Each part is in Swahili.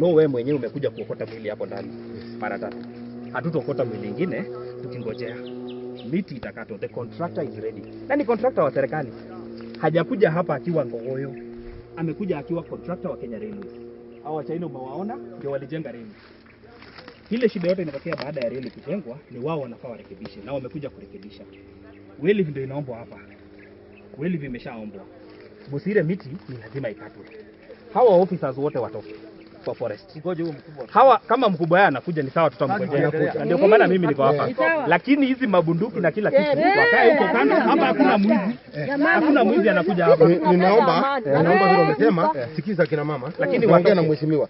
know wewe mwenyewe umekuja kuokota mwili hapo ndani mara tatu. Hatutokota mwili ingine tukingojea miti itakato. The contractor is ready, na ni contractor wa serikali, hajakuja hapa akiwa ngogoyo, amekuja akiwa contractor wa Kenya Railways. Hao wachaina umewaona, ndio walijenga reli. Ile shida yote inatokea baada ya reli kujengwa, ni wao wanafaa warekebishe, na wamekuja kurekebisha. Weli ndio inaombwa hapa, weli vimeshaombwa. Busire miti ni lazima ikatwe, hawa officers wote watoke kwa forest. Hawa kama mkubwa yeye anakuja ni sawa, tutamgojea Ndio kwa maana mimi niko hapa, lakini hizi mabunduki na kila kitu wakae huko kando. Hapa hakuna mwizi, hakuna mwizi anakuja hapa. Ninaomba, eh, naomba vile umesema, eh, sikiza kina mama, lakini waongea na mheshimiwa.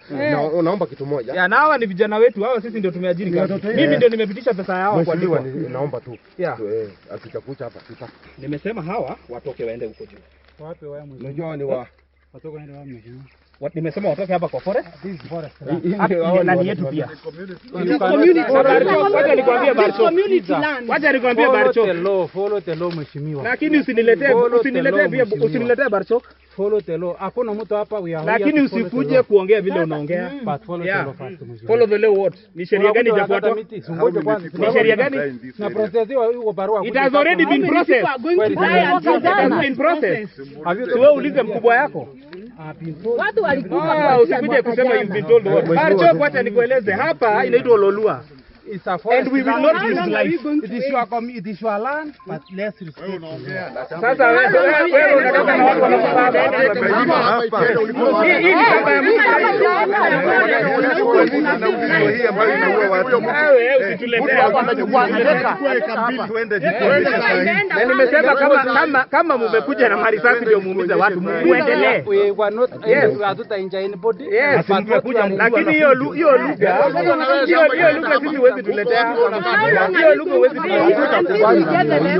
Naomba kitu moja, na hawa ni vijana wetu, hawa sisi ndio tumeajiri kazi. Mimi ndio nimepitisha pesa yao kwa hiyo, naomba tu eh, asichakucha hapa sita. Nimesema hawa watoke waende huko juu. Wapi wao? Unajua ni wa watoke waende wapi mheshimiwa? Wat nimesema watoke hapa kwa forest. usiniletee Barcho. Follow the law. Hakuna mtu hapa we are. Lakini usikuje kuongea vile unaongea. But follow the law first mheshimiwa. Follow the law what? Ni sheria gani itafuatwa? Ni sheria gani? Na process hiyo hiyo barua. It has already been processed. It has been processed. Wewe ulize mkubwa yako. Watu walikufa ah, usikuje kusema you've been told what. Barjo, acha nikueleze hapa inaitwa Ololua. It's a forest. And we will not use life. It is your com it is your land but less restricted. Sasa wewe unataka na watu wanafahamu hapa. Hii ni hapa ya na ulizo hii ambayo inaua watu. Nimesema kama kama kama mumekuja na marisasi ndio muumize watu, muendelee. Lakini hiyo hiyo lugha hiyo lugha sisi huwezi tuletea, hiyo lugha huwezi